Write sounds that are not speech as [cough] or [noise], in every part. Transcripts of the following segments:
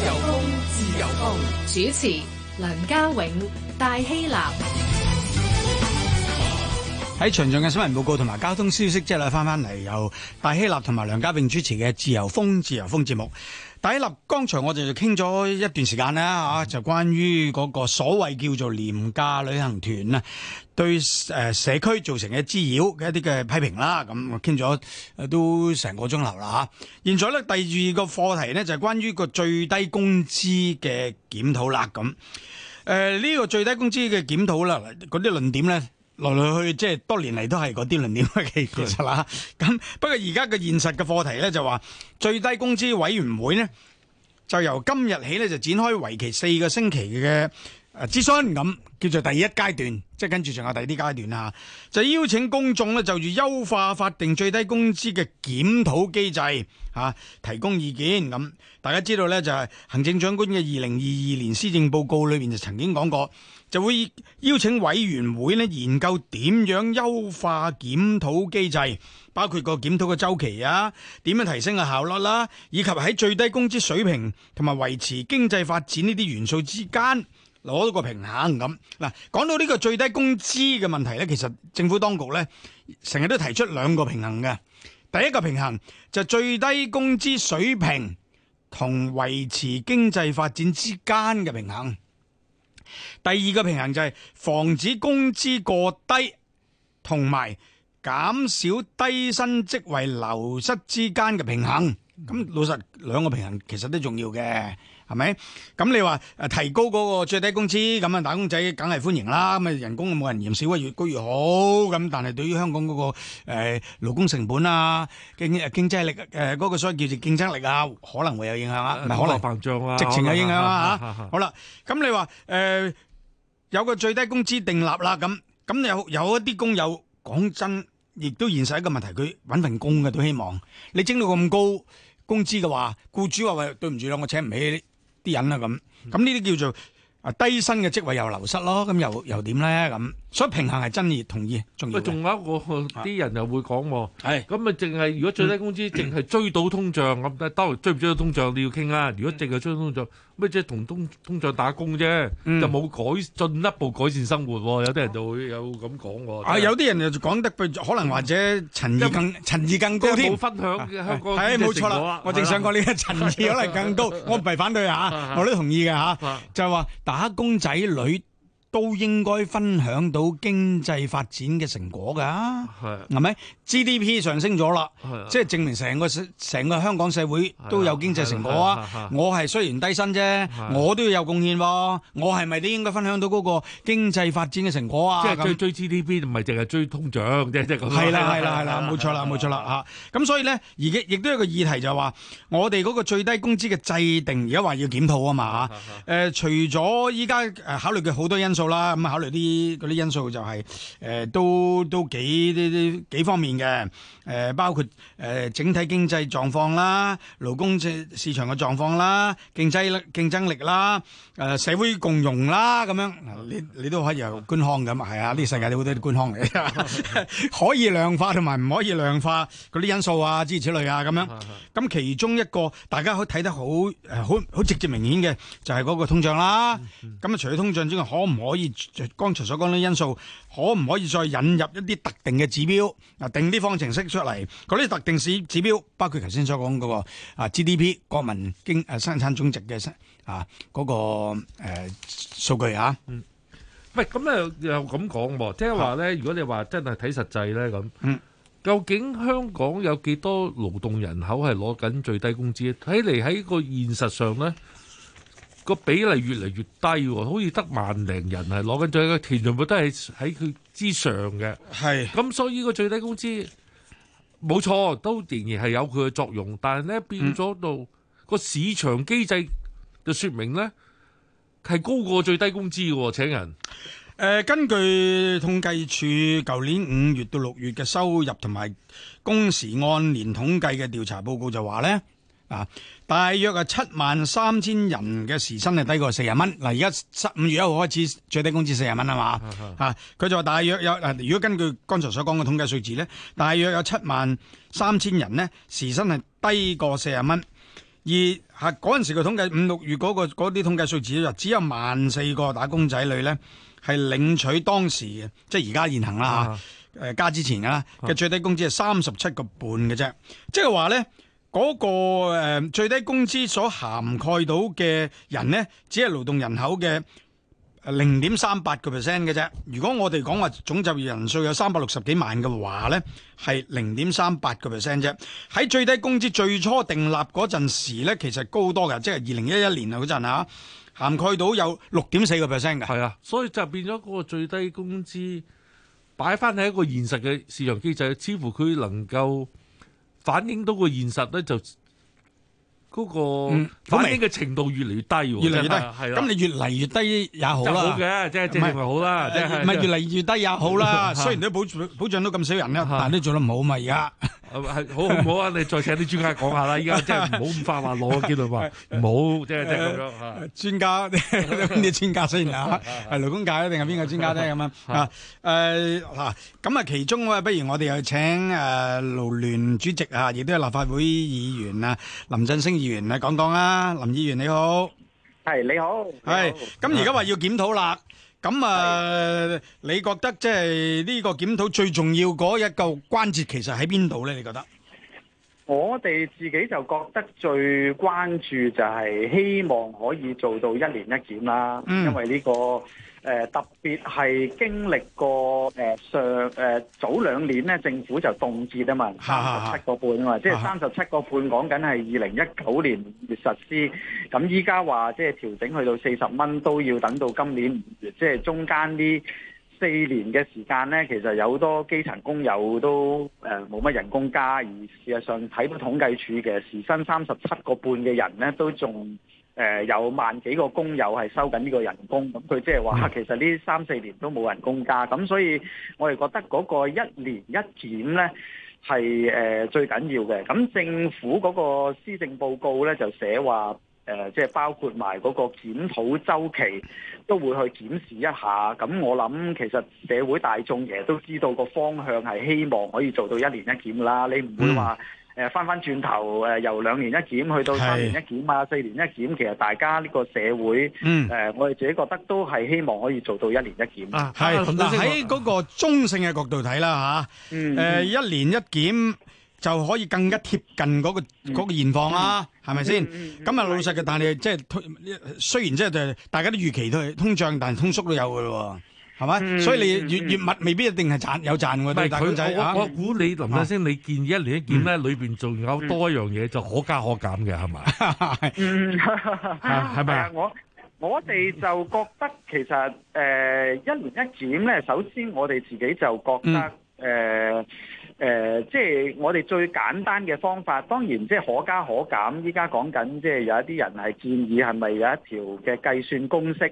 自由風，自由風。主持：梁家永、戴希立。喺場上嘅新聞報告同埋交通消息，即係翻翻嚟，由戴希立同埋梁家永主持嘅自由風自由風節目。戴希立，剛才我哋就傾咗一段時間啦，吓、嗯、就關於嗰個所謂叫做廉價旅行團啊，對誒社區造成嘅滋擾嘅一啲嘅批評啦，咁我傾咗都成個鐘頭啦吓。現在咧第二個課題呢就係關於個最低工資嘅檢討啦，咁誒呢個最低工資嘅檢討啦嗰啲論點咧。來來去去即係多年嚟都係嗰啲論點嘅其實啦，咁不過而家嘅現實嘅課題呢，就話最低工資委員會呢，就由今日起呢，就展開為期四個星期嘅誒諮詢，咁、啊、叫做第一階段，即係跟住仲有第二階段啊，就邀請公眾呢，就住優化法定最低工資嘅檢討機制吓、啊，提供意見咁。大家知道呢，就係、是、行政長官嘅二零二二年施政報告裏面就曾經講過。就會邀請委員會咧研究點樣優化檢討機制，包括個檢討嘅周期啊，點樣提升個效率啦，以及喺最低工資水平同埋維持經濟發展呢啲元素之間攞到個平衡咁。嗱，講到呢個最低工資嘅問題呢，其實政府當局呢，成日都提出兩個平衡嘅，第一個平衡就係最低工資水平同維持經濟發展之間嘅平衡。第二個平衡就係防止工資過低，同埋減少低薪職位流失之間嘅平衡。咁老實，兩個平衡其實都重要嘅。係咪？咁你話誒提高嗰個最低工資咁啊，打工仔梗係歡迎啦。咁啊人工冇人嫌少，越高越好。咁但係對於香港嗰、嗰個誒勞、欸、工成本啊經經濟力誒嗰、欸嗰個所謂叫做競爭力啊，可能會有影響啊，唔係可能膨脹啊，直情有影響啊，啊，啊，啊。好啦，咁你話誒、欸、有個最低工資定立啦，咁咁有有一啲工友，講真，亦都現實一個問題，佢搵份工嘅都希望你整到咁高工資嘅話，僱主話喂，對唔住啦，我請唔起。啲人啦咁，咁呢啲叫做啊低薪嘅職位又流失囉，咁又又點呢咁？所以平衡係真嘅，同意重要。仲有一個，啲人又會講，係咁咪淨係如果最低工資淨係追到通脹咁得，追唔追到通脹你要傾啦。如果淨係追到通脹，咩即係同通通脹打工啫、嗯，就冇改進一步改善生活。有啲人就會有咁講喎。啊，有啲人又講得，可能或者陳意更陳意更高啲分享係冇錯啦，我淨想講你嘅陳意可能更高，我唔係反對啊，我都同意嘅吓，就係話打工仔女。都應該分享到經濟發展嘅成果噶、啊，係咪、啊、GDP 上升咗啦、啊？即係證明成個成個香港社會都有經濟成果啊！係啊係啊係啊我係雖然低薪啫、啊，我都要有貢獻、啊，我係咪都應該分享到嗰個經濟發展嘅成果啊？即係追追 GDP 唔係淨係追通脹即即係咁。係啦係啦係啦，冇錯啦冇錯啦吓。咁所以咧，而家亦都有個議題就係話，我哋個最低工資嘅制定而家話要檢討啊嘛吓。誒、呃，除咗依家誒考慮嘅好多因素。數啦，咁考慮啲嗰啲因素就係，誒都都幾呢啲幾方面嘅，誒包括誒整體經濟狀況啦，勞工市市場嘅狀況啦，競爭力競爭力啦。誒社會共融啦，咁樣你你都可以由官腔咁，係啊，呢、這個、世界好多啲官腔嚟， [laughs] 可以量化同埋唔可以量化嗰啲因素啊，諸如此類啊，咁樣。咁其中一個大家可睇得好好好直接明顯嘅就係、是、嗰個通脹啦。咁除咗通脹之外，可唔可以，剛才所講啲因素，可唔可以再引入一啲特定嘅指標啊？定啲方程式出嚟，嗰啲特定指標包括頭先所講嗰個啊 GDP 國民經誒生產總值嘅。啊！嗰、那個誒數、呃、據吓、啊，嗯，喂，咁咧又咁講，聽話咧。如果你話真係睇實際咧，咁、嗯，究竟香港有幾多勞動人口係攞緊最低工資？睇嚟喺個現實上咧，個比例越嚟越低，好似得萬零人係攞緊，最低工資，全部都係喺佢之上嘅，係咁，所以呢個最低工資冇錯，都仍然係有佢嘅作用，但係咧變咗到個市場機制。就說明呢，係高過最低工資嘅，請人。呃、根據統計處舊年五月到六月嘅收入同埋工時按年統計嘅調查報告就話呢，啊，大約係七萬三千人嘅時薪係低過四十蚊。嗱、啊，而家十五月一號開始最低工資四十蚊啊嘛， [laughs] 啊，佢就話大約有，啊，如果根據剛才所講嘅統計數字呢，大約有七萬三千人呢時薪係低過四十蚊。而係嗰陣時嘅統計，五六月嗰啲統計數字就只有萬四個打工仔女咧，係領取當時即係而家現行啦嚇，誒加之前嘅最低工資係三十七個半嘅啫，即係話咧嗰個誒最低工資所涵蓋到嘅人咧，只係勞動人口嘅，零點三八個 percent 嘅啫。如果我哋講話總就業人數有三百六十幾萬嘅話咧，係零點三八個 percent 啫。喺最低工資最初定立嗰陣時咧，其實高多㗎，即係二零一一年啊嗰陣吓，涵蓋到有六點四個 percent 㗎。係啊，所以就變咗嗰個最低工資擺翻喺一個現實嘅市場機制，似乎佢能夠反映到個現實咧就。嗰、那個，反應嘅程度越嚟越低，嗯、越嚟越低，咁你越嚟越低也好啦，唔係、就是就是就是、越嚟越低也好啦。雖然都保，保障保障到咁少人啦，但係都做得唔好嘛，而家。係好唔好啊？ [laughs] 你再請啲專家講下啦！依家即係唔好咁快話攞，叫做話唔好，即係即係咁樣專 [laughs] 專家，啲啲專家先啦，係勞工界啊，定係邊個專家咧？咁樣啊？誒嗱，咁啊，其中啊，不如我哋又請誒勞聯主席啊，亦都係立法會議員啊，林振昇議員啊講講啊！林議員你好，係你好，係。咁而家話要檢討啦。 [laughs] 咁啊，你覺得即係呢個檢討最重要嗰一個關節，其實喺邊度咧？你覺得？我哋自己就覺得最關注就係希望可以做到一年一檢啦，嗯，因為呢個。誒、呃、特別係經歷過誒、呃、上誒、呃、早兩年咧，政府就凍結啊嘛，三十七個半啊，即係三十七個半講緊係二零一九年五月實施，咁依家話即係調整去到四十蚊，都要等到今年，即係中間呢四年嘅時間咧，其實有好多基層工友都誒冇乜人工加，而事實上睇到統計處嘅時薪三十七個半嘅人咧，都仲，誒有萬幾個工友係收緊呢個人工，咁佢即係話其實呢三四年都冇人工加，咁所以我哋覺得嗰個一年一檢呢係誒最緊要嘅。咁政府嗰個施政報告呢就寫話誒，即係包括埋嗰個檢討週期都會去檢視一下。咁我諗其實社會大眾其實都知道個方向係希望可以做到一年一檢啦，你唔會話，誒，翻翻轉頭，誒由兩年一檢去到三年一檢啊，四年一檢，其實大家呢個社會，誒我哋自己覺得都係希望可以做到一年一檢。啊，係嗱，喺嗰個中性嘅角度睇啦嚇，誒一年一檢就可以更加貼近嗰個嗰個現況啦，係咪先？咁啊老實嘅，但係即係推雖然即係，大家都預期都係通脹，但係通縮都有嘅咯。係咪、嗯？所以你月，越，越密未必一定係賺有賺嘅，都係大仔，但係我估你林振昇，你建議一年一檢咧，裏邊仲有多一樣嘢、嗯、就可加可減嘅，係咪？嗯，係咪啊？我我哋就覺得其實誒、呃、一年一檢咧，首先我哋自己就覺得誒誒、嗯呃呃，即係我哋最簡單嘅方法，當然即係可加可減。依家講緊即係有一啲人係建議，係咪有一條嘅計算公式？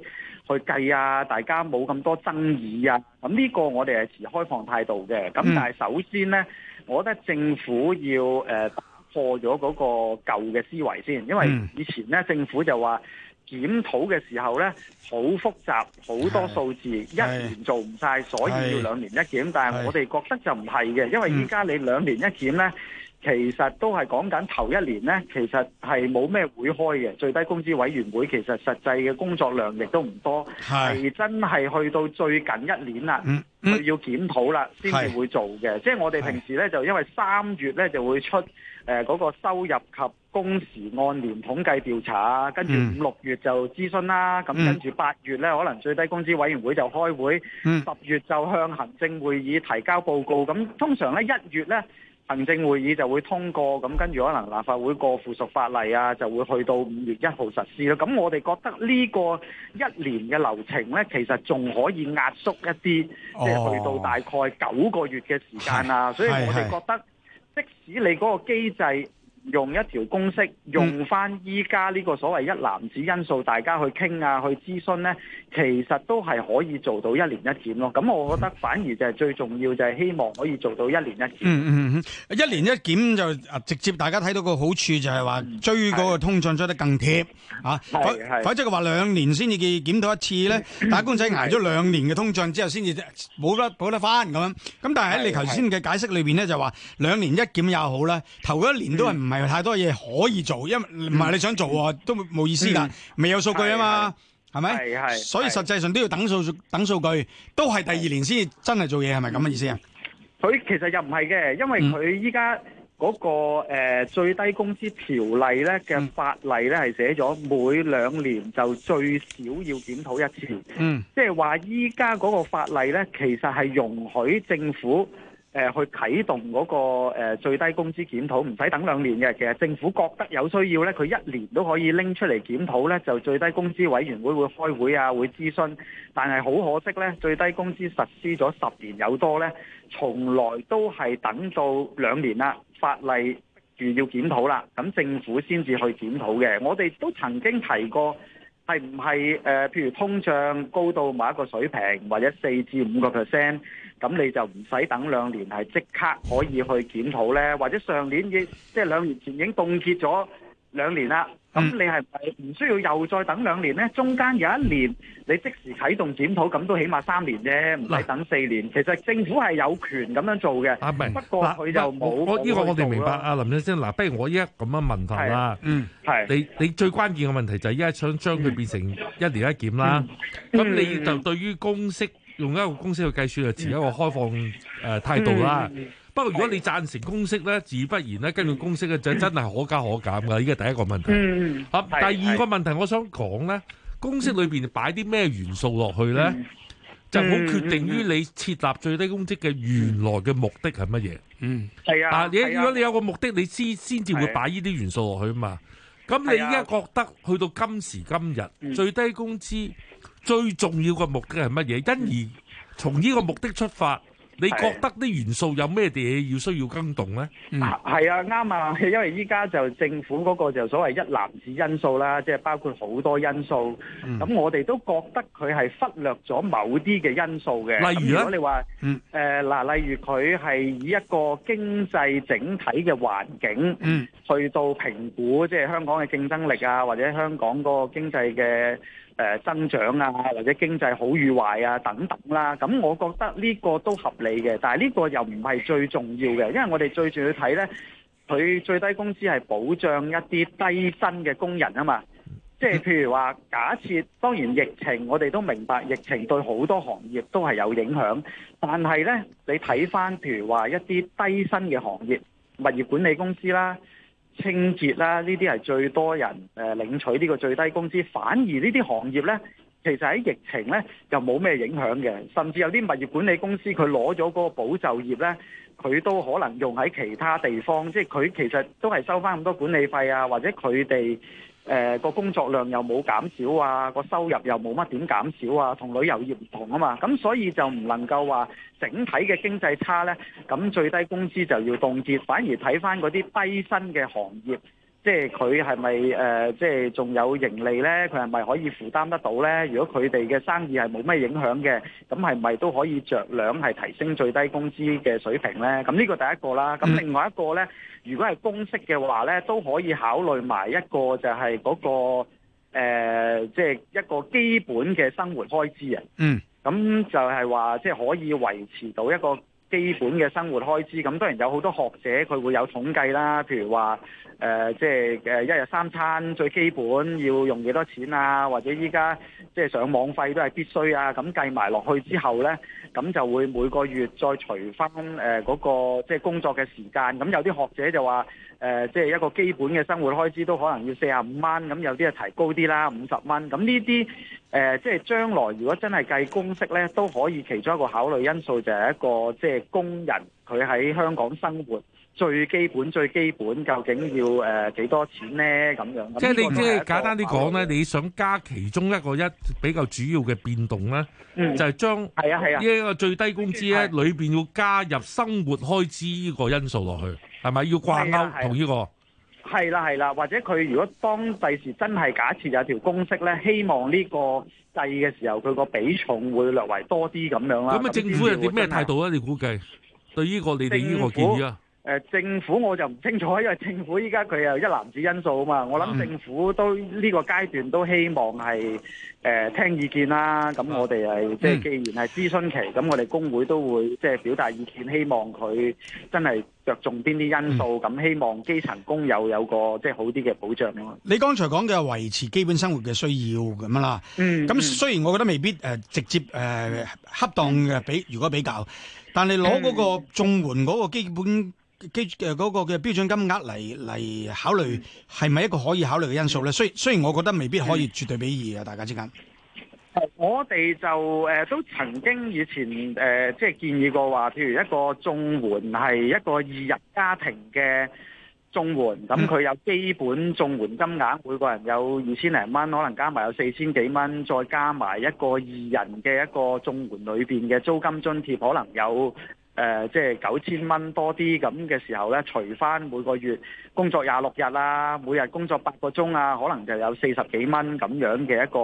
去計啊！大家冇咁多爭議啊！咁呢個我哋係持開放態度嘅。咁但係首先呢，我覺得政府要、呃、打破咗嗰個舊嘅思維先，因為以前呢，政府就話檢討嘅時候呢，好複雜，好多數字，一年做唔晒，所以要兩年一檢。但係我哋覺得就唔係嘅，因為依家你兩年一檢呢。其實都係講緊頭一年呢，其實係冇咩會開嘅。最低工資委員會其實實際嘅工作量亦都唔多，係真係去到最近一年啦，佢、嗯嗯、要檢討啦，先至會做嘅。即係我哋平時呢，就因為三月呢就會出誒嗰、呃那個收入及工時按年統計調查，跟住五、嗯、六月就諮詢啦，咁、嗯、跟住八月呢，可能最低工資委員會就開會，十、嗯、月就向行政會議提交報告。咁通常呢，一月呢。行政會議就會通過，咁跟住可能立法會過附屬法例啊，就會去到五月一號實施啦。咁我哋覺得呢個一年嘅流程呢，其實仲可以壓縮一啲，即、oh. 係去到大概九個月嘅時間啦、啊。 [noise] 所以我哋覺得，即使你嗰個機制，用一條公式，用翻依家呢個所謂一男子因素，嗯、大家去傾啊，去諮詢呢，其實都係可以做到一年一檢咯。咁我覺得反而就係最重要，就係希望可以做到一年一檢、嗯嗯。一年一檢就直接大家睇到個好處就係話追嗰個通脹追得更貼、嗯、啊。係否則佢話兩年先至檢到一次呢，打工仔捱咗兩年嘅通脹之後先至冇得補得翻咁樣。咁但係喺你頭先嘅解釋裏面呢，就話兩年一檢也好啦，頭一年都係唔係？太多嘢可以做，因為唔係你想做、嗯、都冇意思㗎，嗯、未有數據啊嘛，係咪？係係。所以實際上都要等數等數據，都係第二年先至真係做嘢，係咪咁嘅意思啊？佢其實又唔係嘅，因為佢依家嗰個誒、呃、最低工資條例咧嘅法例咧係寫咗每兩年就最少要檢討一次，嗯，即係話依家嗰個法例咧其實係容許政府。誒去啟動嗰個誒最低工資檢討，唔使等兩年嘅。其實政府覺得有需要咧，佢一年都可以拎出嚟檢討咧，就最低工資委員會會開會啊，會諮詢。但係好可惜咧，最低工資實施咗十年有多咧，從來都係等到兩年啦，法例逼住要檢討啦，咁政府先至去檢討嘅。我哋都曾經提過。係唔係誒？譬如通脹高到某一個水平，或者四至五個 percent，咁你就唔使等兩年，係即刻可以去檢討咧，或者上年嘅即係兩年前已經凍結咗兩年啦。咁你係咪唔需要又再等兩年咧？中間有一年你即時啟動檢討，咁都起碼三年啫，唔使等四年。其實政府係有權咁樣做嘅。阿明，不過佢就冇呢個，我哋明白。阿林先生，嗱，不如我依家咁樣問佢啦。嗯，係。你你最關鍵嘅問題就係依家想將佢變成一年一檢啦。咁你就對於公式用一個公式去計算，就持一個開放誒態度啦。不過如果你贊成公式咧、嗯，自不然咧，根據公式咧，就真係可加可減噶。依、嗯、家第一個問題，吓、嗯，第二個問題，我想講咧、嗯，公式裏邊擺啲咩元素落去咧、嗯，就好決定於你設立最低工資嘅原來嘅目的係乜嘢。嗯，係啊，啊，啊。你如果你有個目的，你先先至會擺呢啲元素落去啊嘛。咁你依家覺得、啊、去到今時今日，嗯、最低工資最重要嘅目的係乜嘢？因而從呢個目的出發。你覺得啲元素有咩嘢要需要更動呢？嗯，係啊，啱啊，因為依家就政府嗰個就所謂一籃子因素啦，即係包括好多因素。咁，嗯，我哋都覺得佢係忽略咗某啲嘅因素嘅。例如咧，如果你話，嗯，嗱，例如佢係以一個經濟整體嘅環境，嗯，去到評估即係香港嘅競爭力啊，或者香港嗰個經濟嘅。誒增長啊，或者經濟好與壞啊，等等啦，咁我覺得呢個都合理嘅，但係呢個又唔係最重要嘅，因為我哋最重要睇呢，佢最低工資係保障一啲低薪嘅工人啊嘛，即係譬如話，假設當然疫情，我哋都明白疫情對好多行業都係有影響，但係呢，你睇返譬如話一啲低薪嘅行業，物業管理公司啦。清潔啦，呢啲係最多人誒領取呢個最低工資。反而呢啲行業呢，其實喺疫情呢，又冇咩影響嘅。甚至有啲物業管理公司佢攞咗嗰個保就業呢，佢都可能用喺其他地方，即係佢其實都係收翻咁多管理費啊，或者佢哋。誒、呃、個工作量又冇減少啊，個收入又冇乜點減少啊，同旅遊業唔同啊嘛，咁所以就唔能夠話整體嘅經濟差呢，咁最低工資就要凍結，反而睇翻嗰啲低薪嘅行業。即係佢係咪誒？即係仲有盈利咧？佢係咪可以負擔得到咧？如果佢哋嘅生意係冇咩影響嘅，咁係咪都可以酌量係提升最低工資嘅水平咧？咁呢個第一個啦。咁另外一個咧，mm. 如果係公式嘅話咧，都可以考慮埋一個就係嗰、嗰個即係、呃就係、一個基本嘅生活開支啊。嗯。咁就係話，即係可以維持到一個。基本嘅生活開支，咁當然有好多學者佢會有統計啦，譬如話誒，即係誒一日三餐最基本要用幾多錢啊，或者依家即係上網費都係必須啊，咁計埋落去之後咧，咁就會每個月再除翻誒嗰嗰個即係工作嘅時間，咁有啲學者就話，誒、呃，即係一個基本嘅生活開支都可能要四十五蚊，咁有啲就提高啲啦，五十蚊。咁呢啲誒，即係將來如果真係計公式咧，都可以其中一個考慮因素就係一個即係工人佢喺香港生活最基本最基本究竟要誒幾、呃、多錢咧？咁樣。即係你、這個、即係簡單啲講咧，你想加其中一個一比較主要嘅變動咧、嗯，就係將、係啊、係啊、呢一個最低工資咧裏面要加入生活開支呢個因素落去。係咪要掛鈎同呢個？係啦係啦，或者佢如果當第時真係假設有條公式咧，希望呢個計嘅時候佢個比重會略為多啲咁樣啦。咁啊，政府有啲咩態度啊？你估計對呢個你哋呢個建議啊？呃、政府我就唔清楚，因為政府依家佢有一攬子因素啊嘛，我諗政府都呢、嗯，這個階段都希望係誒、呃、聽意見啦。咁我哋係、嗯、即係既然係諮詢期，咁我哋工會都會即係表達意見，希望佢真係着重邊啲因素，咁、嗯、希望基層工友有，有個即係好啲嘅保障咯。你剛才講嘅維持基本生活嘅需要咁樣啦，嗯，咁雖然我覺得未必誒、呃、直接誒、呃、恰當嘅比、嗯、如果比較，但你攞嗰個綜援嗰個基本、嗯。基本基誒嗰個嘅標準金額，嚟嚟考慮係咪一個可以考慮嘅因素咧？雖、嗯、雖然我覺得未必可以絕對比二啊、嗯，大家之間我。我哋就誒都曾經以前誒、呃、即係建議過話，譬如一個綜援係一個二人家庭嘅綜援，咁佢有基本綜援金額，每個人有二千零蚊，可能加埋有四千幾蚊，再加埋一個二人嘅一個綜援裏邊嘅租金津貼，可能有。誒、呃，即係九千蚊多啲咁嘅時候咧，除翻每個月工作廿六日啦、啊，每日工作八個鐘啊，可能就有四十幾蚊咁樣嘅一個、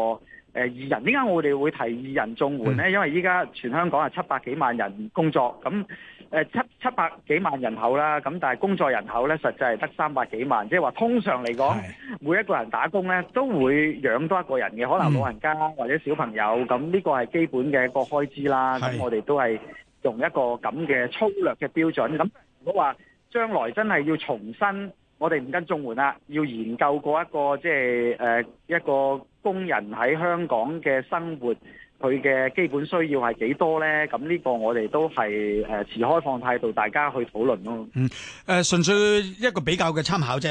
呃、二人。點解我哋會提二人綜援咧、嗯？因為依家全香港係七百幾萬人工作，咁、呃、七七百幾萬人口啦，咁但係工作人口咧實際係得三百幾萬，即係話通常嚟講，每一個人打工咧都會養多一個人嘅，可能老人家或者小朋友，咁、嗯、呢個係基本嘅一個開支啦。咁我哋都係。用一個咁嘅粗略嘅標準，咁如果話將來真係要重新，我哋唔跟綜援啦，要研究過一個，即係誒一個工人喺香港嘅生活。佢嘅基本需要係幾多呢？咁呢個我哋都係誒、呃、持開放態度，大家去討論咯、哦。嗯，誒、呃、純粹一個比較嘅參考啫。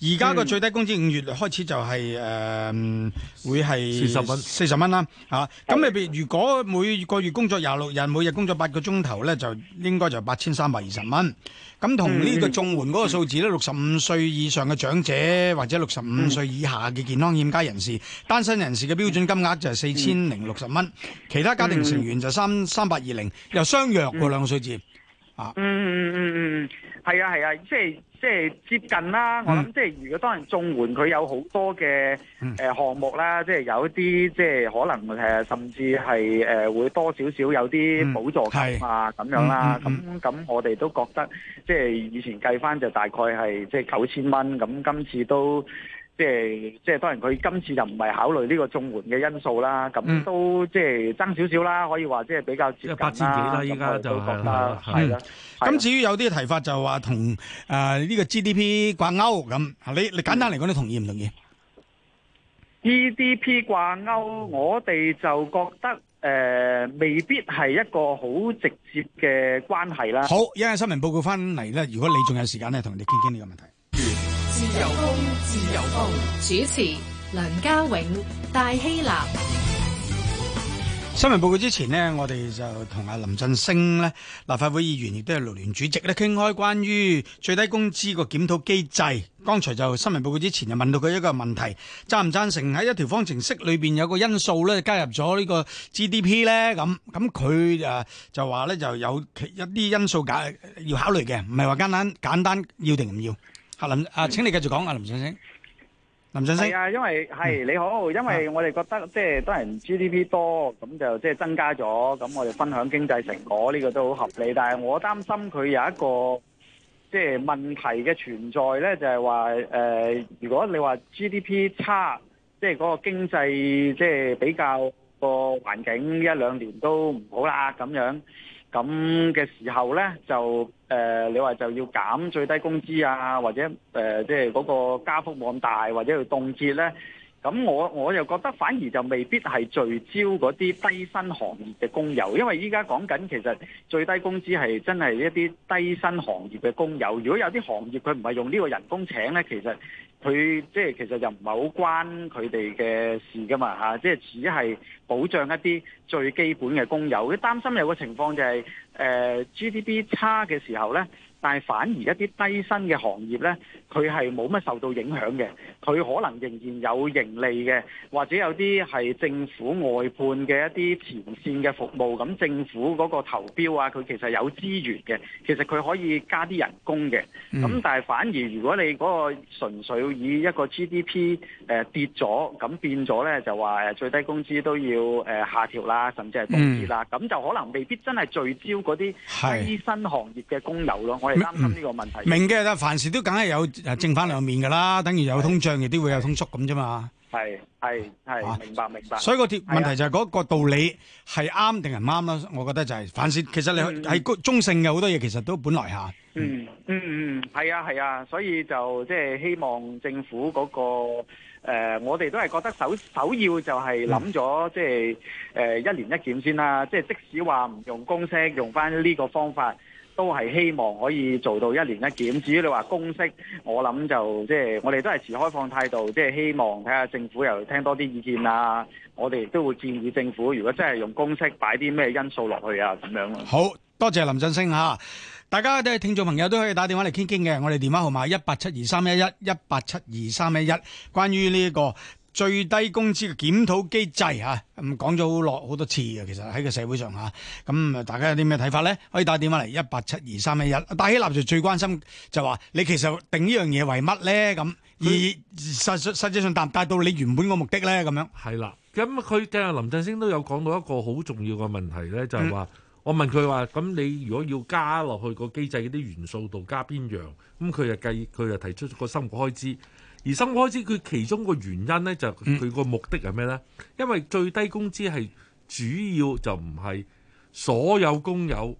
而家個最低工資五月開始就係、是、誒、呃、會係四十蚊，四十蚊啦。嚇，咁你、啊、如果每個月工作廿六日，每日工作八個鐘頭呢，就應該就八千三百二十蚊。咁同呢個綜援嗰個數字呢，六十五歲以上嘅長者或者六十五歲以下嘅健康欠佳人士、嗯，單身人士嘅標準金額就係四千零六十蚊。嗯。其他家庭成員就三三八二零，320，又相若個、嗯、兩個數字啊。嗯嗯嗯嗯嗯，係啊係啊，即係即係接近啦。嗯、我諗即係如果當然綜援他，佢有好多嘅誒項目啦，即係有一啲即係可能誒，甚至係誒、呃、會多少少有啲補助金、嗯、啊咁樣啦。咁、嗯、咁、嗯、我哋都覺得即係、啊、以前計翻就大概係即係九千蚊咁，就是、元今次都。即係即係，當然佢今次就唔係考慮呢個綜援嘅因素啦。咁都、嗯、即係爭少少啦，可以話即係比較接近啦。咁、嗯啊啊啊啊、至於有啲提法就話同誒呢個 GDP 掛鈎咁，你你簡單嚟講，你同意唔同意？GDP 掛鈎、嗯，我哋就覺得誒、呃、未必係一個好直接嘅關係啦。好，因為新聞報告翻嚟咧，如果你仲有時間咧，同人哋傾一傾呢個問題。自由自由風主持梁家永、戴希南。新聞報告之前咧，我哋就同阿林振昇咧，立法會議員亦都係勞聯主席咧，傾開關於最低工資個檢討機制。剛才就新聞報告之前就問到佢一個問題，贊唔贊成喺一條方程式裏邊有個因素咧加入咗呢個 GDP 咧？咁咁佢誒就話咧就有一啲因素要考慮嘅，唔係話簡單簡單要定唔要。阿林，阿，請你繼續講，阿林先生，林先生係啊，因為係你好，因為我哋覺得即係當然 GDP 多，咁就即係增加咗，咁我哋分享經濟成果呢個都好合理。但係我擔心佢有一個即係問題嘅存在咧，就係話誒，如果你話 GDP 差，即係嗰個經濟即係比較個環境一兩年都唔好啦，咁樣咁嘅時候咧就。誒、呃，你話就要減最低工資啊，或者誒，即係嗰個加幅冇咁大，或者要凍結咧。咁我我又覺得反而就未必係聚焦嗰啲低薪行業嘅工友，因為依家講緊其實最低工資係真係一啲低薪行業嘅工友。如果有啲行業佢唔係用呢個人工請咧，其實佢即係其實就唔係好關佢哋嘅事噶嘛嚇，即、啊、係只係保障一啲最基本嘅工友。佢擔心有個情況就係、是。誒、呃、GDP 差嘅時候咧。但反而一啲低薪嘅行業咧，佢係冇乜受到影響嘅，佢可能仍然有盈利嘅，或者有啲係政府外判嘅一啲前線嘅服務，咁政府嗰個投標啊，佢其實有資源嘅，其實佢可以加啲人工嘅。咁、嗯、但係反而如果你嗰個純粹以一個 GDP 誒、呃、跌咗，咁變咗咧就話誒最低工資都要誒、呃、下調啦，甚至係凍結啦，咁、嗯、就可能未必真係聚焦嗰啲低薪行業嘅工友咯，我啱唔呢個問題？明嘅啦，凡事都梗係有誒正反兩面㗎啦，等於有通脹，亦都會有通縮咁啫嘛。係係係，明白明白。所以個條問題就係嗰個道理係啱定係唔啱啦。我覺得就係凡事其實你係個中性嘅，好多嘢其實都本來嚇。嗯嗯嗯，係啊係啊，所以就即係希望政府嗰個誒，我哋都係覺得首首要就係諗咗即係誒一年一檢先啦。即係即使話唔用公式，用翻呢個方法。都係希望可以做到一年一檢。至於你話公式，我諗就即、是、係我哋都係持開放態度，即、就、係、是、希望睇下政府又聽多啲意見啊、嗯。我哋都會建議政府，如果真係用公式擺啲咩因素落去啊，咁樣咯。好多謝林振昇嚇，大家都係聽眾朋友都可以打電話嚟傾傾嘅。我哋電話號碼一八七二三一一一八七二三一一，關於呢、這、一個最低工資嘅檢討機制嚇，咁講咗落好多次嘅，其實喺個社會上嚇，咁啊大家有啲咩睇法咧？可以打電話嚟一八七二三一一。戴希立就最關心就話，你其實定呢樣嘢為乜咧？咁而實實際上達唔達到你原本個目的咧？咁樣係啦。咁佢聽阿林振昇都有講到一個好重要嘅問題咧，就係話我問佢話，咁、嗯、你如果要加落去個機制嗰啲元素度加邊樣？咁佢就計佢就提出個生活開支。而生活開支佢其中個原因咧，就佢、係、個目的係咩咧？因為最低工資係主要就唔係所有工友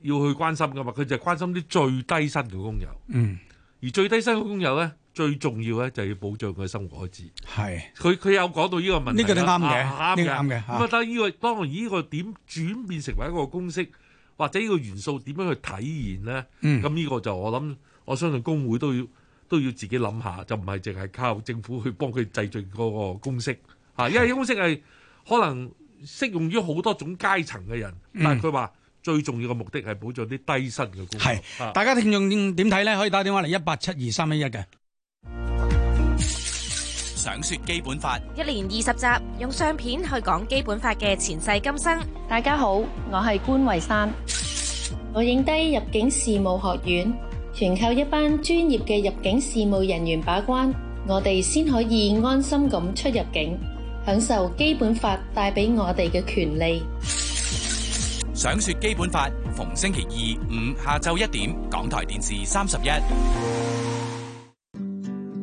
要去關心噶嘛，佢就係關心啲最低薪嘅工友。嗯。而最低薪嘅工友咧，最重要咧就係要保障佢嘅生活開支。係。佢佢有講到呢個問題。呢、呢個都啱嘅，啱啱嘅。咁得依個，當然呢個點轉變成為一個公式，或者呢個元素點樣去體現咧？嗯。咁、嗯、依、呢個就我諗，我相信工會都要。都要自己諗下，就唔係淨係靠政府去幫佢製造嗰個公式，吓，因為公式係可能適用於好多種階層嘅人，嗯、但係佢話最重要嘅目的係保障啲低薪嘅公係、啊，大家聽眾點睇呢？可以打電話嚟一八七二三一一嘅。想說基本法，一年二十集，用相片去講基本法嘅前世今生。大家好，我係官維山，我影低入境事務學院。全靠一班專業嘅入境事務人員把關，我哋先可以安心咁出入境，享受基本法帶俾我哋嘅權利。想說基本法，逢星期二、五下晝一點，港台電視三十一。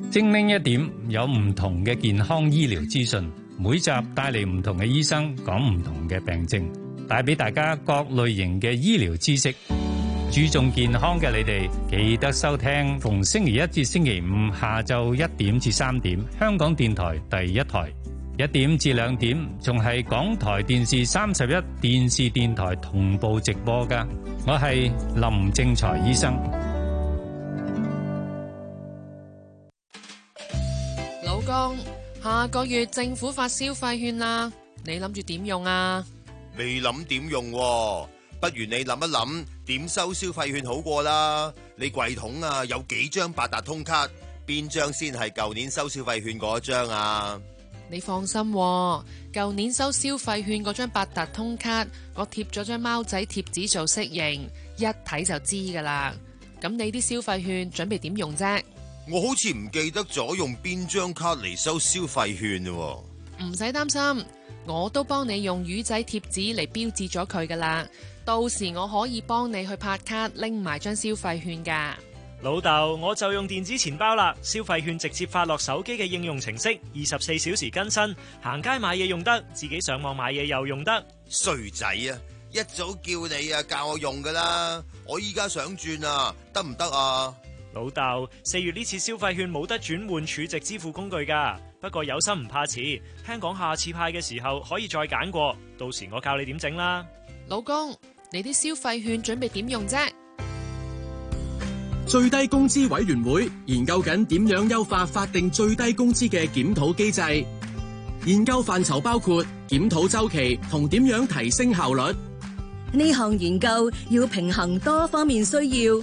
精靈一點，有唔同嘅健康醫療資訊，每集帶嚟唔同嘅醫生講唔同嘅病症，帶俾大家各類型嘅醫療知識。注重健康嘅你哋，記得收聽，逢星期一至星期五下晝一點至三點，香港電台第一台，一點至兩點，仲係港台電視三十一電視電台同步直播㗎。我係林正財醫生。老公，下個月政府發消費券喇，你諗住點用呀？未諗點用喎，不如你諗一諗。點收消費券好過啦！你櫃桶啊，有幾張八達通卡？邊張先係舊年收消費券嗰張啊？你放心、啊，舊年收消費券嗰張八達通卡，我貼咗張貓仔貼紙做識形，一睇就知噶啦。咁你啲消費券準備點用啫？我好似唔記得咗用邊張卡嚟收消費券啫、啊。唔使擔心，我都幫你用魚仔貼紙嚟標誌咗佢噶啦。到時我可以幫你去拍卡拎埋張消費券噶，老豆我就用電子錢包啦，消費券直接發落手機嘅應用程式，二十四小時更新，行街買嘢用得，自己上網買嘢又用得。衰仔啊，一早叫你啊教我用噶啦，我依家想轉啊，得唔得啊？老豆，四月呢次消費券冇得轉換儲值支付工具噶，不過有心唔怕遲，聽講下次派嘅時候可以再揀過，到時我教你點整啦，老公。你啲消費券準備點用啫？最低工資委員會研究緊點樣優化法定最低工資嘅檢討機制，研究範疇包括檢討周期同點樣提升效率。呢項研究要平衡多方面需要，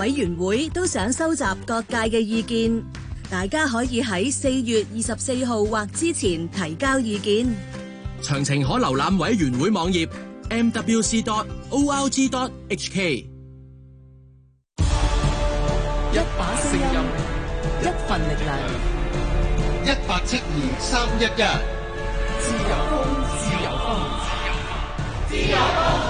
委員會都想收集各界嘅意見，大家可以喺四月二十四號或之前提交意見。詳情可瀏覽委員會網頁。mwc dot org dot hk，一把聲音，一份力量，一八七二三一一，自由風，自由風，自由風，自由。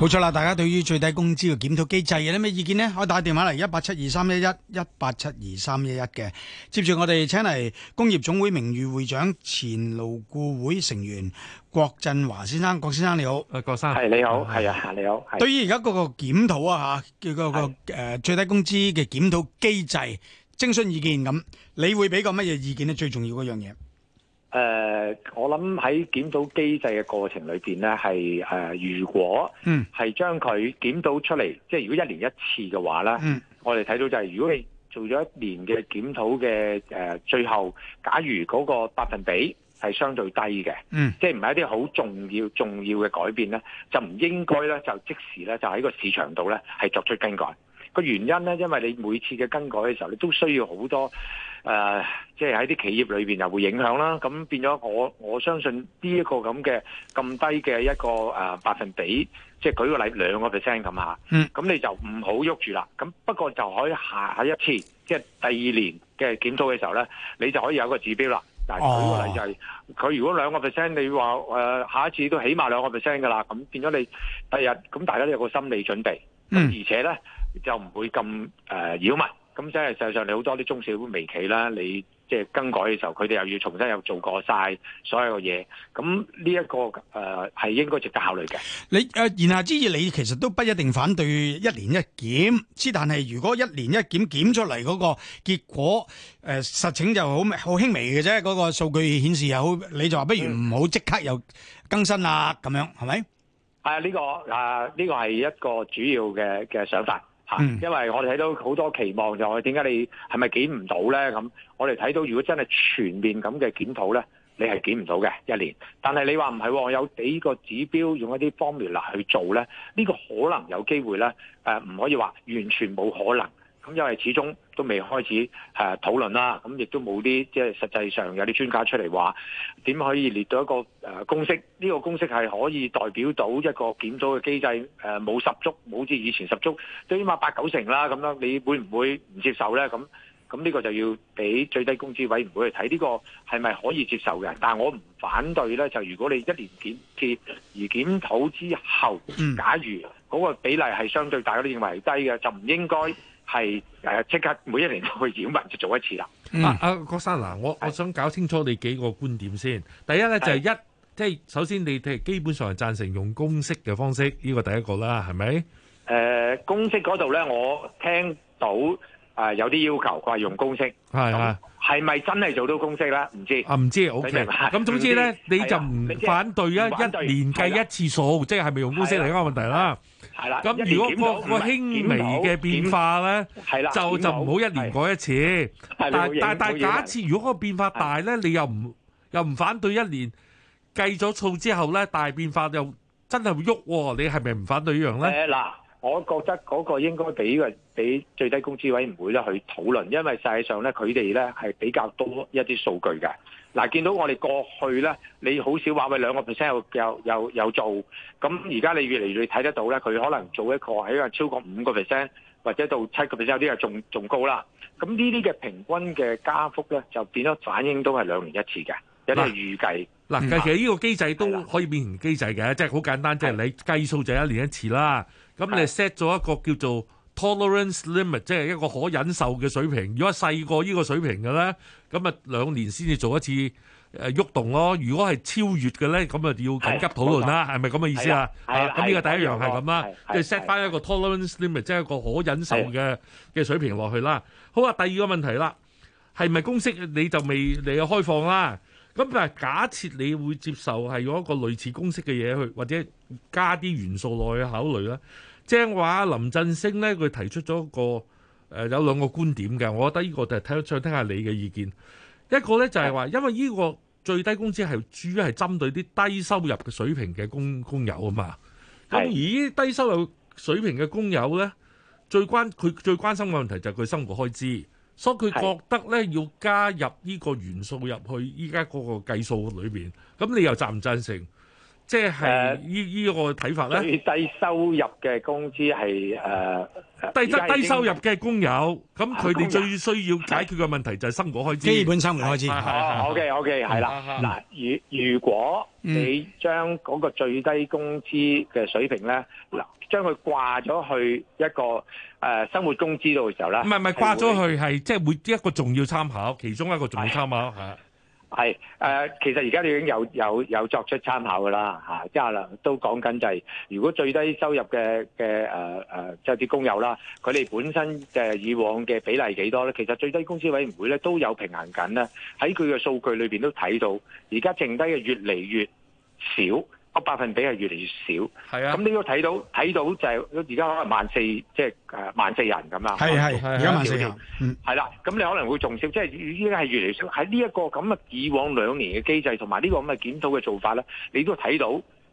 冇錯啦，大家對於最低工資嘅檢討機制有啲咩意見呢？可以打電話嚟一八七二三一一一八七二三一一嘅。接住我哋請嚟工業總會名譽會長、前勞顧會成員郭振華先生。郭先生你好，郭生係你好，係啊你好。對於而家嗰個檢討啊吓，叫嗰個誒最低工資嘅檢討機制徵詢意見咁，你會俾個乜嘢意見呢？最重要嗰樣嘢。誒、呃，我諗喺檢討機制嘅過程裏邊咧，係誒、呃，如果係將佢檢討出嚟，即係如果一年一次嘅話咧、嗯，我哋睇到就係、是，如果你做咗一年嘅檢討嘅誒，最後假如嗰個百分比係相對低嘅、嗯，即係唔係一啲好重要重要嘅改變咧，就唔應該咧就即時咧就喺個市場度咧係作出更改。個原因咧，因為你每次嘅更改嘅時候，你都需要好多誒，即係喺啲企業裏面又會影響啦。咁變咗，我我相信呢一個咁嘅咁低嘅一個誒百分比，即係舉個例兩個 percent 咁下。咁你就唔好喐住啦。咁不過就可以下下一次，即係第二年嘅檢討嘅時候咧，你就可以有個指標啦。但係舉個例就係佢，oh. 如果兩個 percent，你話誒下一次都起碼兩個 percent 噶啦。咁變咗你第日咁，大家都有個心理準備。嗯，而且咧。就唔會咁誒擾民，咁即係事實上你好多啲中小微企啦，你即係、就是、更改嘅時候，佢哋又要重新又做過晒所有嘅嘢，咁呢一個係、呃、應該值得考慮嘅。你誒，言、啊、下之意你其實都不一定反對一年一檢，之但係如果一年一檢檢出嚟嗰個結果、呃、實情就好好輕微嘅啫，嗰、那個數據顯示又好，你就話不如唔好即刻又更新啦、啊、咁、嗯、樣係咪？係啊，呢、這個啊呢、這個係一個主要嘅嘅想法。嗯、因為我哋睇到好多期望，就係點解你係咪檢唔到呢？咁我哋睇到，如果真係全面咁嘅檢討呢，你係檢唔到嘅一年。但係你話唔係喎，有幾個指標用一啲方面 r 去做呢？呢、這個可能有機會呢，誒唔可以話完全冇可能。咁因為始終都未開始誒討論啦，咁、啊、亦都冇啲即係實際上有啲專家出嚟話點可以列到一個、呃、公式？呢、這個公式係可以代表到一個檢討嘅機制誒冇、呃、十足，冇似以前十足，最起碼八九成啦咁樣，你會唔會唔接受咧？咁咁呢個就要俾最低工資委員會去睇呢、這個係咪可以接受嘅？但係我唔反對咧，就如果你一年檢貼而檢討之後，假如嗰個比例係相對，大家都認為低嘅，就唔應該。係誒，即刻每一年去驗物就做一次啦。啊，郭生嗱，我我想搞清楚你幾個觀點先。第一咧就係一，即係首先你哋基本上係贊成用公式嘅方式，呢個第一個啦，係咪？誒，公式嗰度咧，我聽到誒有啲要求，話用公式係啊。係咪真係做到公式啦？唔知啊，唔知 O K。咁、OK、總之咧，你就唔反對啊！一年計一次數，即係係咪用公式嚟啱問題啦？係啦。咁如果個個輕微嘅變化咧，就就唔好一年改一次。但但但假設如果個變化大咧，你又唔又唔反對一年計咗數之後咧，大變化又真係會喐喎、哦。你係咪唔反對樣呢樣咧？嗱。我覺得嗰個應該比個比最低工資委員會咧去討論，因為實際上咧佢哋咧係比較多一啲數據嘅。嗱、啊，見到我哋過去咧，你好少話喂兩個 percent 又又又又做，咁而家你越嚟越睇得到咧，佢可能做一個喺因超過五個 percent 或者到七個 percent 有啲係仲仲高啦。咁呢啲嘅平均嘅加幅咧就變咗反映都係兩年一次嘅，有啲係預計。嗱、啊啊嗯，其實呢個機制都可以變成機制嘅，即係好簡單，即係你計數就一年一次啦。咁你 set 咗一個叫做 tolerance limit，即係一個可忍受嘅水平。如果細過呢個水平嘅咧，咁啊兩年先至做一次誒喐動咯。如果係超越嘅咧，咁啊要緊急討論啦，係咪咁嘅意思啊？咁呢個第一樣係咁啦，即係 set 翻一個 tolerance limit，即係一個可忍受嘅嘅水平落去啦。好啊，第二個問題啦，係咪公式你就未嚟開放啦？咁就係假設你會接受係用一個類似公式嘅嘢去，或者加啲元素落去考慮咧？正話林振昇咧，佢提出咗個誒、呃、有兩個觀點嘅，我覺得呢個就係想聽下你嘅意見。一個咧就係話，因為呢個最低工資係主要係針對啲低收入嘅水平嘅工工友啊嘛。咁而低收入水平嘅工，工友咧，最關佢最關心嘅問題就係佢生活開支，所以佢覺得咧要加入呢個元素入去依家嗰個計數裏邊。咁你又贊唔贊成？即係依依個睇法咧，最低收入嘅工資係誒低低低收入嘅工友，咁佢哋最需要解決嘅問題就係生活開支，基本生活開支。哦，OK OK，係啦，嗱，如如果你將嗰個最低工資嘅水平咧，嗱，將佢掛咗去一個誒生活工資度嘅時候咧，唔係唔係掛咗去係即係會一個重要參考，其中一個重要參考。係，誒、呃，其實而家你已經有有有作出參考㗎啦，嚇，即係啦，都講緊就係、是，如果最低收入嘅嘅誒誒即係啲工友啦，佢哋本身嘅以往嘅比例幾多咧？其實最低工資委員會咧都有平衡緊咧，喺佢嘅數據裏面都睇到，而家剩低嘅越嚟越少。百分比係越嚟越少，係啊，咁你都睇到睇到就係而家可能萬四，即係誒萬四人咁啦。係係係，而家萬四人，係啦，啊。咁、啊、你可能會仲少，即係依家係越嚟越，越少。喺呢一個咁嘅以往兩年嘅機制同埋呢個咁嘅檢討嘅做法咧，你都睇到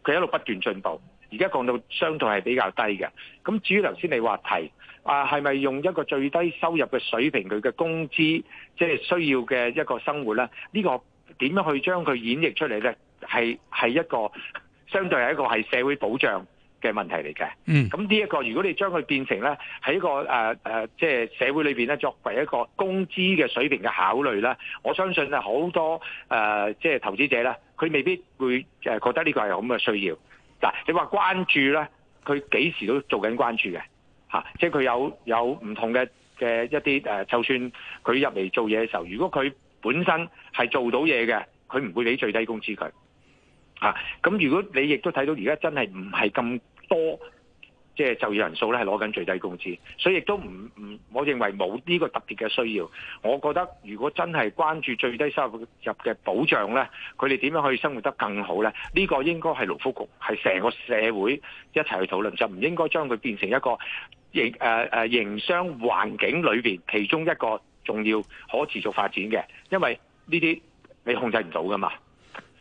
佢一路不斷進步。而家降到相對係比較低嘅。咁至於頭先你話題啊，係咪用一個最低收入嘅水平佢嘅工資，即、就、係、是、需要嘅一個生活咧？呢、這個點樣去將佢演繹出嚟咧？係係一個。相對係一個係社會保障嘅問題嚟嘅，咁呢一個如果你將佢變成咧喺一個誒誒即係社會裏邊咧作為一個工資嘅水平嘅考慮咧，我相信係好多誒即係投資者咧，佢未必會誒覺得呢個係咁嘅需要。嗱，你話關注咧，佢幾時都做緊關注嘅，嚇、啊，即係佢有有唔同嘅嘅一啲誒，就算佢入嚟做嘢嘅時候，如果佢本身係做到嘢嘅，佢唔會俾最低工資佢。啊，咁如果你亦都睇到而家真係唔係咁多，即係就業人數咧係攞緊最低工資，所以亦都唔唔，我認為冇呢個特別嘅需要。我覺得如果真係關注最低收入入嘅保障咧，佢哋點樣可以生活得更好咧？呢個應該係勞福局係成個社會一齊去討論，就唔應該將佢變成一個營誒誒營商環境裏邊其中一個重要可持續發展嘅，因為呢啲你控制唔到噶嘛。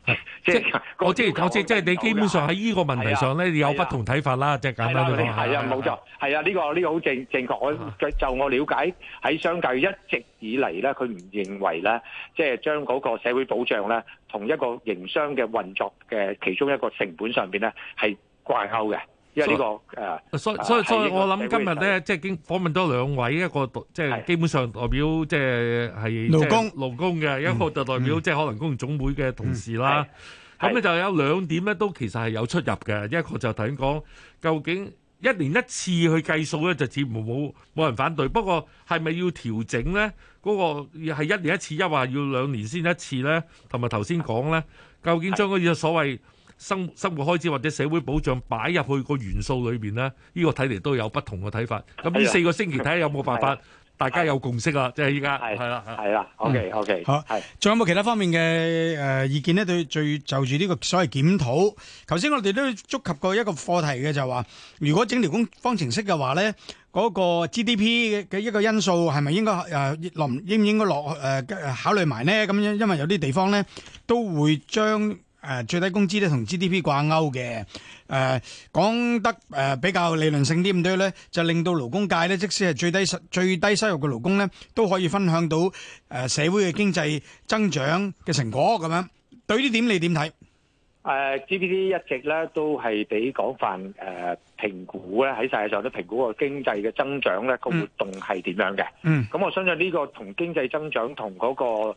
[laughs] 即係、 [laughs] 那個、我即係、那個、即係你基本上喺呢個問題上咧、啊，你有不同睇法啦。啊、即係簡單咁講，係啊，冇錯，係啊，呢、啊啊啊啊這個呢、這個好正正確。我 [laughs] 就我了解喺商界一直以嚟咧，佢唔認為咧，即、就、係、是、將嗰個社會保障咧同一個營商嘅運作嘅其中一個成本上邊咧係掛鈎嘅。一、這個誒，所以、呃、所以、呃、所以，所以我諗今日咧，即係已經訪問咗兩位，一個即係基本上代表、就是，即係係勞工勞工嘅一個就是代表，即係可能工業總會嘅同事啦。咁、嗯、咧、嗯、就有兩點咧，都其實係有出入嘅。嗯、一個就頭先講，究竟一年一次去計數咧，就似乎冇冇人反對。不過係咪要調整咧？嗰、嗰個係一年一次，一話要兩年先一次咧，同埋頭先講咧，究竟將嗰個所謂生生活開支或者社會保障擺入去個元素裏邊呢，呢、呢個睇嚟都有不同嘅睇法。咁呢四個星期睇下有冇辦法，大家有共識啊！即係依家係係啦，係、就、啦、係。OK OK，好係。仲有冇其他方面嘅誒意見呢？對，最就住呢個所謂檢討。頭先我哋都觸及過一個課題嘅，就話、係、如果整條公方程式嘅話咧，嗰、嗰個 GDP 嘅一個因素係咪應該誒落、呃、應唔應該落誒、呃、考慮埋呢？咁因因為有啲地方咧都會將啊、最低工資咧同 GDP 掛鈎嘅誒講得誒比較理論性啲咁多咧，就令到勞工界咧，即使係最低最低收入嘅勞工咧，都可以分享到誒社會嘅經濟增長嘅成果咁樣，對呢點你點睇？g、uh, GDP 一直咧都係俾廣泛誒評估咧喺世界上都評估個經濟嘅增長咧個、mm. 活動係點樣嘅？嗯，咁我相信呢個同經濟增長同嗰個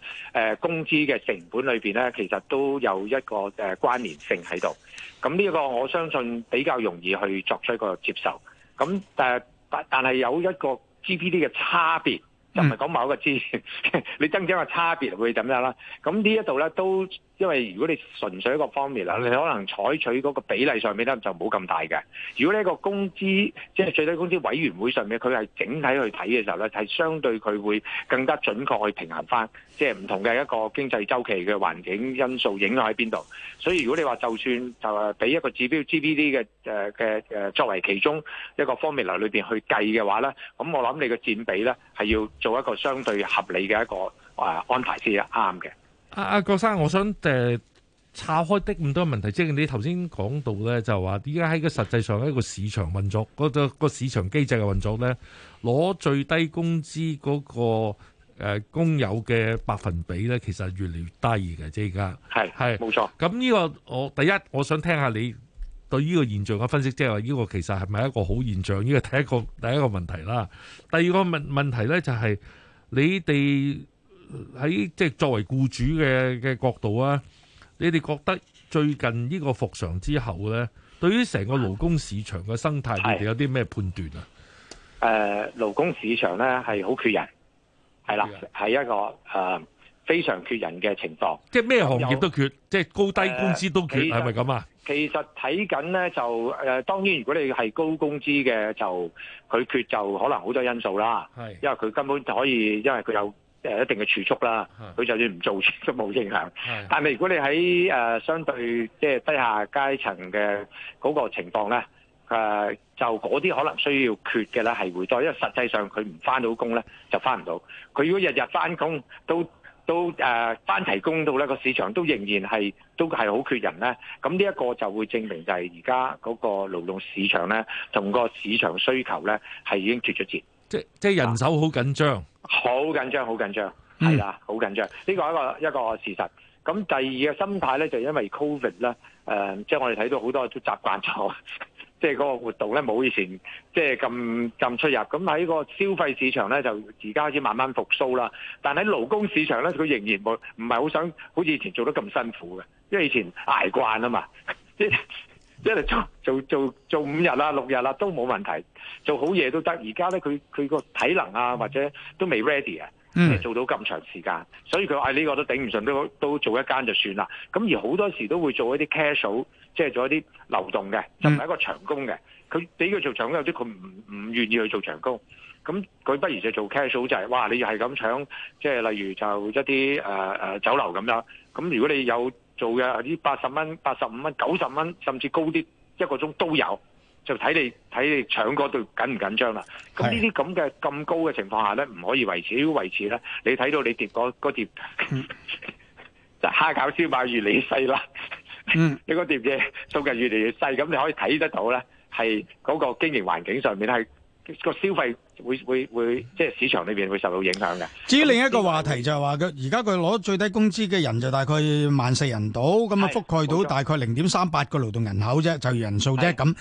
工資嘅成本裏面咧，其實都有一個誒、呃、關聯性喺度。咁呢個我相信比較容易去作出一個接受。咁但但係有一個 GDP 嘅差別。就唔係講某一個資源， [laughs] 你增長嘅差別會點樣啦？咁呢一度咧都，因為如果你純粹一個方面啦，你可能採取嗰個比例上面咧就冇咁大嘅。如果呢個工資，即係最低工資委員會上面，佢係整體去睇嘅時候咧，係相對佢會更加準確去平衡翻，即係唔同嘅一個經濟周期嘅環境因素影響喺邊度。所以如果你話就算就係俾一個指標 GDP 嘅誒嘅誒作為其中一個方面嚟裏邊去計嘅話咧，咁我諗你嘅佔比咧係要。做一個相對合理嘅一個誒安排的，啊、先係啱嘅。阿阿郭生，我想誒岔，呃、開啲咁多問題，即係你頭先講到咧，就話點解喺個實際上一個市場運作，個市場機制嘅運作咧，攞最低工資嗰，嗰個誒，呃、工友嘅百分比咧，其實越嚟越低嘅。即係而家係係冇錯。咁呢，個我第一，我想聽下你。對呢個現象嘅分析之，即係話呢個其實係咪一個好現象？呢個第一個第一個問題啦。第二個問問題就係、是，你哋喺即係作為僱主嘅嘅角度啊，你哋覺得最近呢個復常之後呢，對於成個勞工市場嘅生態，你哋有啲咩判斷啊？誒、呃，勞工市場呢係好缺人，係啦，係一個誒。呃非常缺人嘅情況，即係咩行業都缺，即係高低工資都缺，係咪咁啊？其實睇緊咧就誒、呃，當然如果你係高工資嘅，就佢缺就可能好多因素啦。係因為佢根本就可以，因為佢有一定嘅儲蓄啦。佢就算唔做都冇影響。但係如果你喺誒、呃、相對即係低下階層嘅嗰個情況咧，誒、呃、就嗰啲可能需要缺嘅啦，係會多，因為實際上佢唔翻到工咧就翻唔到。佢如果日日翻工都都誒返、呃、提供到呢個市場都仍然係都係好缺人咧，咁呢一個就會證明就係而家嗰個勞動市場咧同個市場需求咧係已經脫咗節，即即人手好緊張，好緊張好緊張，係啦，好緊張，呢、嗯係個一個一個事實。咁第二個心態咧就係、因為 COVID 咧、呃，誒即我哋睇到好多都習慣咗。 [laughs] 即係嗰個活動咧冇以前即係咁咁出入，咁喺個消費市場咧就而家開始慢慢復甦啦。但喺勞工市場咧，佢仍然冇唔係好想好似以前做得咁辛苦嘅，因為以前捱慣啊嘛，即係即係做做做做五日啦、啊、六日啦、啊、都冇問題，做好嘢都得。而家咧佢佢個體能啊或者都未 ready 啊，即係做到咁長時間，所以佢話呢個都頂唔順，都都做一間就算啦。咁而好多時都會做一啲 casual。.即係做一啲流動嘅，就唔係一個長工嘅。佢俾佢做長工有啲，佢唔唔願意去做長工。咁佢不如就做 casual 就係、是，哇！你係咁搶，即係例如就一啲誒誒酒樓咁啦。咁如果你有做嘅啲八十蚊、八十五蚊、九十蚊，甚至高啲一個鐘都有，就睇你睇你搶嗰度緊唔緊張啦。咁呢啲咁嘅咁高嘅情況下咧，唔可以維持，要維持咧，你睇到你跌嗰嗰就蝦餃燒賣越嚟越細啦。嗯， [noise] 你一個店嘅數量越嚟越細，咁你可以睇得到咧，係嗰個經營環境上面係個消費。會會會即係市場裏邊會受到影響嘅。至於另一個話題就係話佢而家佢攞最低工資嘅人就大概萬四人度，咁啊覆蓋到大概零點三八個勞動人口啫，就人數啫咁。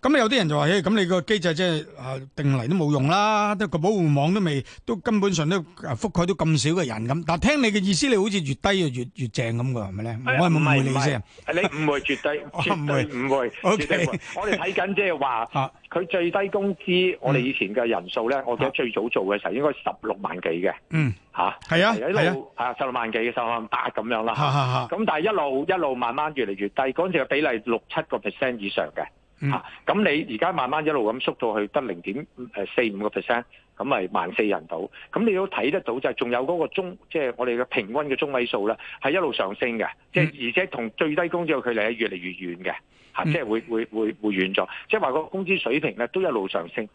咁有啲人就話，誒咁你個機制即係、呃、定嚟都冇用啦，一個保護網都未，都根本上都覆蓋到咁少嘅人咁。但係聽你嘅意思，你好似越低啊越越，越正咁嘅係咪咧？我係冇誤會你先。你誤會絕對絕對唔會。唔會 okay、唔會 [laughs] 我哋睇緊即係話佢最低工資、嗯，我哋以前嘅人數。我記得最早做嘅時候應該十六萬幾嘅，嗯嚇，係啊，係啊，啊，啊十六萬幾，十六萬八咁樣啦，咁、啊啊啊、但係一路一路慢慢越嚟越低，嗰陣時嘅比例六七個 percent 以上嘅，嚇、嗯。咁、啊、你而家慢慢一路咁縮到去得零點誒四五個 percent，咁咪萬四人度。咁你都睇得到就係仲有嗰個中，即、就、係、是、我哋嘅平均嘅中位數啦，係一路上升嘅，即、嗯、係而且同最低工資嘅距離係越嚟越遠嘅，嚇、啊，即、就、係、是、會、嗯、會會會遠咗。即係話個工資水平咧都一路上升。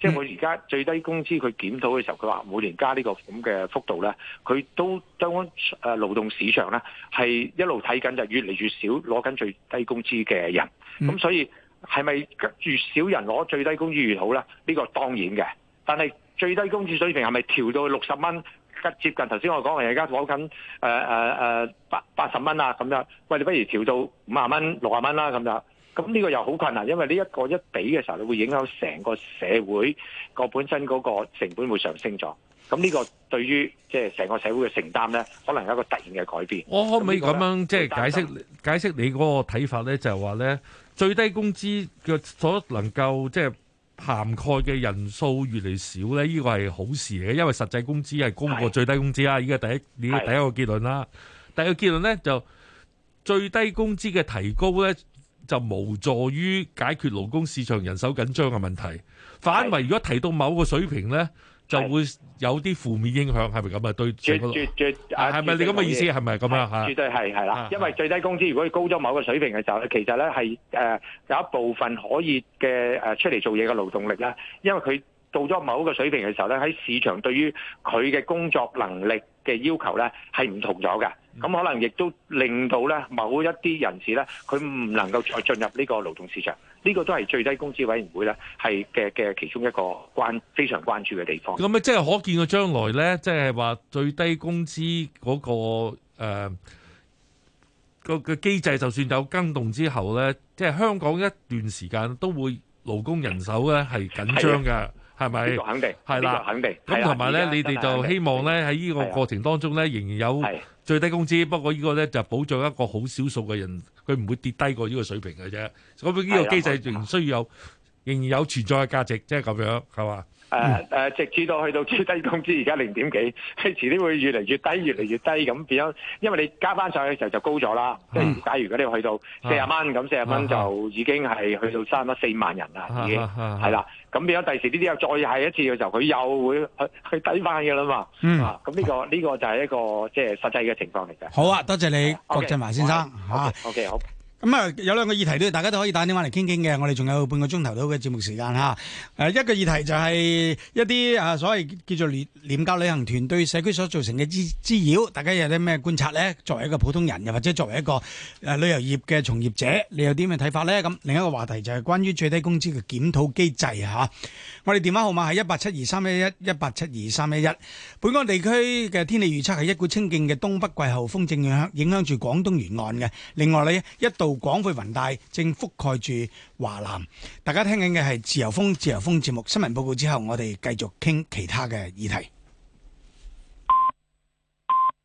即係我而家最低工資佢檢討嘅時候，佢話每年加呢個咁嘅幅度咧，佢都當誒勞動市場咧係一路睇緊就越嚟越少攞緊最低工資嘅人。咁 [music] 所以係咪越少人攞最低工資越好咧？呢個當然嘅。但係最低工資水平係咪調到六十蚊？接近頭先我講，而家攞緊誒誒八八十蚊啊咁樣。喂，你不如調到五啊蚊六啊蚊啦咁就。咁呢個又好困難，因為呢一個一比嘅時候，你會影響成個社會個本身嗰個成本會上升咗。咁呢個對於即係成個社會嘅承擔咧，可能有一個突然嘅改變。我可唔可以咁樣即係解釋解釋你嗰個睇法咧？就係話咧，最低工資嘅所能夠即係涵蓋嘅人數越嚟少咧，呢、這個係好事嚟嘅，因為實際工資係高過最低工資啦。呢家第一呢、這個、第一個結論啦。第二個結論咧就最低工資嘅提高咧。就無助於解決勞工市場人手緊張嘅問題，反為如果提到某個水平咧，就會有啲負面影響，係咪咁啊？對，絕絕絕，係咪你咁嘅意思？係咪咁啊？絕對係係啦，因為最低工資如果高咗某個水平嘅時候，其實咧係誒有一部分可以嘅誒出嚟做嘢嘅勞動力啦，因為佢。到咗某一個水平嘅時候咧，喺市場對於佢嘅工作能力嘅要求咧係唔同咗嘅。咁可能亦都令到咧某一啲人士咧，佢唔能夠再進入呢個勞動市場。呢個都係最低工資委員會咧係嘅嘅其中一個關非常關注嘅地方。咁咪即係可見嘅將來咧，即係話最低工資嗰個誒個個機制，就算有更動之後咧，即係香港一段時間都會勞工人手咧係緊張㗎。係咪？係啦，咁同埋咧，你哋就希望咧喺呢個過程當中咧，仍然有最低工資。不過呢個咧就保障一個好少數嘅人，佢唔會跌低過呢個水平嘅啫。咁呢個機制仍然需要有，仍然有存在嘅價值，即係咁樣，係嘛？誒、嗯、誒，uh, uh, 直至到去到最低工資而家零點幾，即遲啲會越嚟越低，越嚟越低咁變咗。因為你加翻上去嘅時候就高咗啦。即、嗯、係假如嗰啲去到四十蚊咁，四十蚊就已經係去到三十多四萬人啦，已經係啦。咁、啊、變咗第時呢啲又再下一次嘅時候，佢又會去去低翻噶啦嘛。咁、嗯、呢、啊這個呢、這個就係一個即係、就是、實際嘅情況嚟嘅。好啊，多謝你、啊、okay, 郭振華先生。好 okay, okay,、啊、okay, okay,，OK，好。咁、嗯、啊，有兩個議題都大家都可以打電話嚟傾傾嘅。我哋仲有半個鐘頭到嘅節目時間吓。誒、啊，一個議題就係一啲啊所謂叫做廉廉價旅行團對社區所造成嘅滋滋擾，大家有啲咩觀察咧？作為一個普通人，又或者作為一個誒、啊、旅遊業嘅從業者，你有啲咩睇法咧？咁另一個話題就係關於最低工資嘅檢討機制吓、啊。我哋電話號碼係一八七二三一一一八七二三一一。本港地區嘅天氣預測係一股清勁嘅東北季候風正響影響住廣東沿岸嘅。另外咧，一度。廣闊雲帶正覆蓋住華南，大家聽緊嘅係自由風自由風節目，新聞報告之後，我哋繼續傾其他嘅議題。